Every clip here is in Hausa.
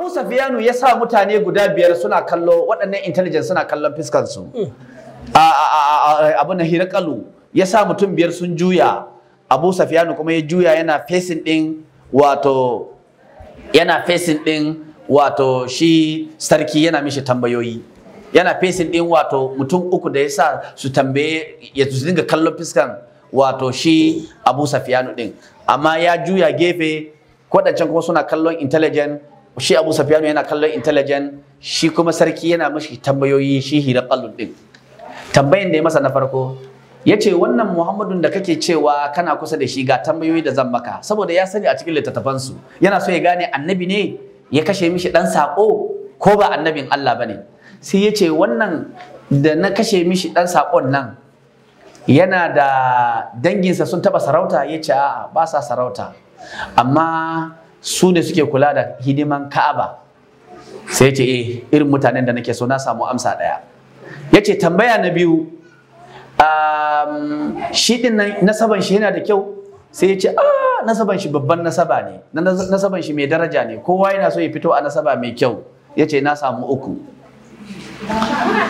Abu Safiyanu ya sa mutane guda biyar suna kallo waɗannan intelligence suna kallon fiskansu. Abu na Kalu, ya sa mutum biyar sun juya. Abu Safiyanu kuma ya juya yana facing ɗin wato yana facing ɗin wato shi sarki yana mishi tambayoyi. Yana facing ɗin wato mutum uku da ya sa su tambaye ya su dinga kallon fiskan wato shi Abu Safiyanu ɗin. Amma ya juya gefe waɗancan kuma suna kallon intelligent shi Abu safiyanu yana kallon intelligent shi kuma sarki yana mashi tambayoyi shi hira qallud din tambayan da ya masa na farko yace wannan Muhammadun da kake cewa kana kusa da shi ga tambayoyi da zan maka saboda ya sani a cikin littattafan su yana so ya gane annabi ne ya kashe mishi dan sako ko ba annabin Allah bane sai yace wannan da na kashe mishi dan sakon nan yana da danginsa sun taba sarauta ya ce a'a ba sa sarauta amma su ne suke kula da hidiman Ka'aba sai ya ce eh irin mutanen da nake so na samu amsa daya ce tambaya na biyu um, shi din nan nasaban shi yana da kyau sai ya ce ah nasaban shi babban nasaba ne nasaban shi mai daraja ne kowa yana so ya fito a nasaba mai kyau Ya ce na samu uku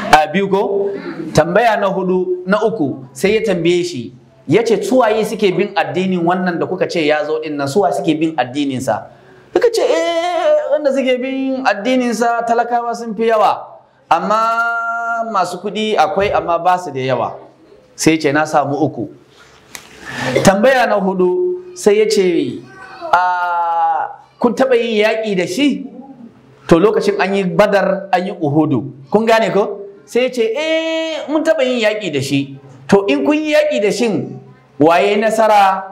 a biyu ko tambaya na hudu na uku sai ya tambaye shi yace suwaye suke bin addinin wannan da kuka ce ya zo din nan suwa suke bin addininsa? sa suka ce eh wanda suke bin addininsa talakawa sun fi yawa amma masu kuɗi akwai amma ba su da yawa sai ce na samu uku tambaya na hudu sai ya ce kun taɓa yin yaƙi da shi to lokacin an yi badar an yi uhudu kun gane ko sai ce eh mun taɓa yin yaƙi da shi to in kun yi yaƙi da shin waye nasara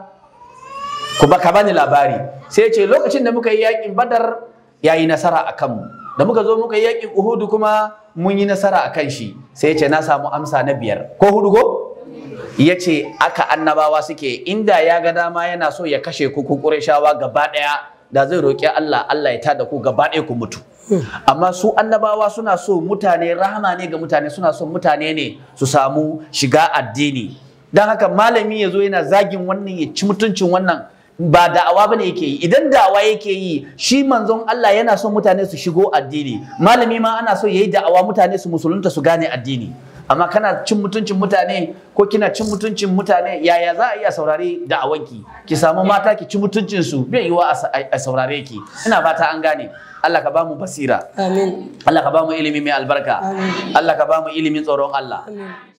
ku baka bani labari sai ce lokacin da muka yi yakin badar ya yi nasara a kanmu da muka zo muka yi yakin uhudu kuma mun yi nasara a kan shi sai ce na samu amsa na biyar ko hudu ko ya ce aka annabawa suke inda ya ga dama yana so ya kashe ku ku ƙureshawa gaba ɗaya da zai roƙi Allah Allah ya tada ku gaba ɗaya ku mutu amma su annabawa suna so mutane rahama ne ga mutane suna so mutane ne su samu shiga addini don haka malami ya zo yana zagin wannan ya ci mutuncin wannan ba da'awa bane yake yi idan da'awa yake yi shi manzon Allah yana son mutane su shigo addini malami ma ana so yayi da'awa mutane su musulunta su gane addini amma kana cin mutuncin mutane ko kina cin mutuncin mutane yaya za a iya saurare da'awanki ki samu mata ki ci mutuncin su bai yiwa a saurare ki ina fata an gane Allah ka bamu basira amin Allah ka bamu ilimi mai albarka Amin. Allah ka bamu ilimin tsoron Allah amin